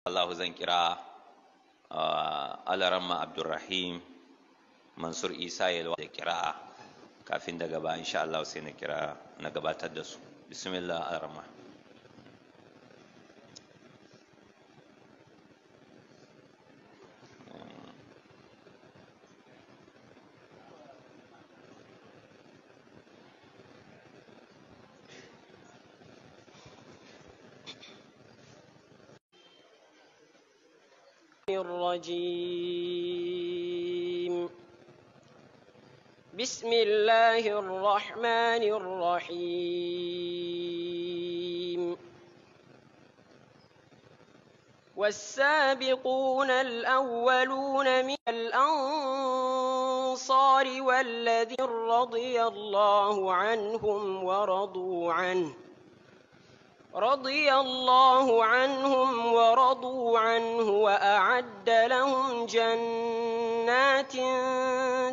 Allahu zan kira uh, alaramma Abdulrahim Mansur Isa Yalwa da kira kafin daga ba insha Allah sai na kira na gabatar da su. Bismillah alaramma. الرجيم بسم الله الرحمن الرحيم والسابقون الأولون من الأنصار والذين رضي الله عنهم ورضوا عنه رضي الله عنهم ورضوا عنه وأعد لهم جنات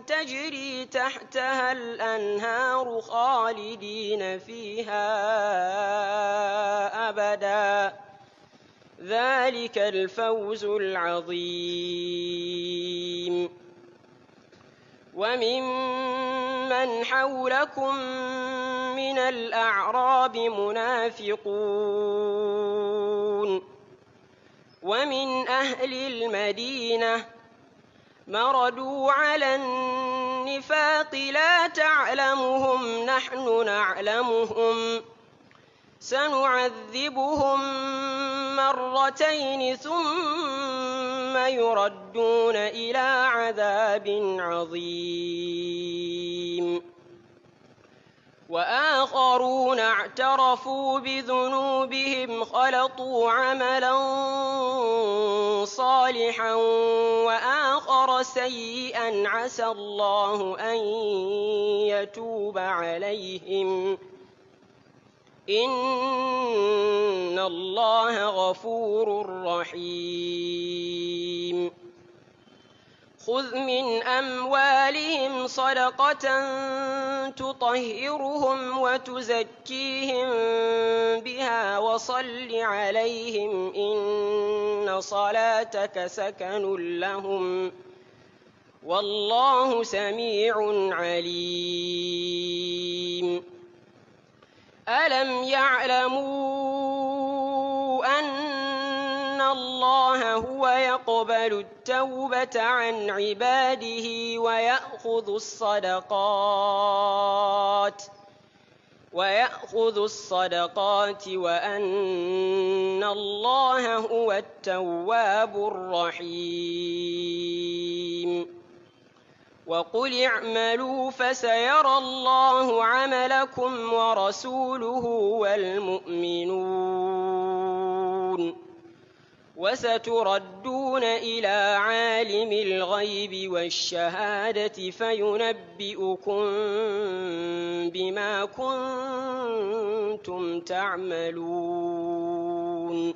تجري تحتها الأنهار خالدين فيها أبدا ذلك الفوز العظيم وممن حولكم من الأعراب منافقون ومن أهل المدينة مردوا على النفاق لا تعلمهم نحن نعلمهم سنعذبهم مرتين ثم يردون إلى عذاب عظيم وآخرون اعترفوا بذنوبهم خلطوا عملا صالحا وآخر سيئا عسى الله أن يتوب عليهم إن الله غفور رحيم خذ من أموالهم صدقة تطهرهم وتزكيهم بها وصل عليهم إن صلاتك سكن لهم والله سميع عليم ألم يعلموا أن إن الله هو يقبل التوبة عن عباده ويأخذ الصدقات ويأخذ الصدقات وأن الله هو التواب الرحيم وقل اعملوا فسيرى الله عملكم ورسوله والمؤمنون وستردون إلى عالم الغيب والشهادة فينبئكم بما كنتم تعملون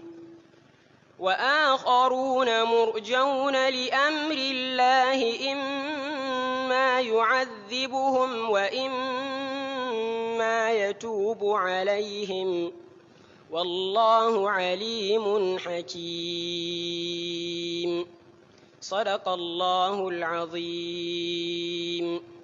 وآخرون مرجون لأمر الله إما يعذبهم وإما يتوب عليهم ۖ والله عليم حكيم صدق الله العظيم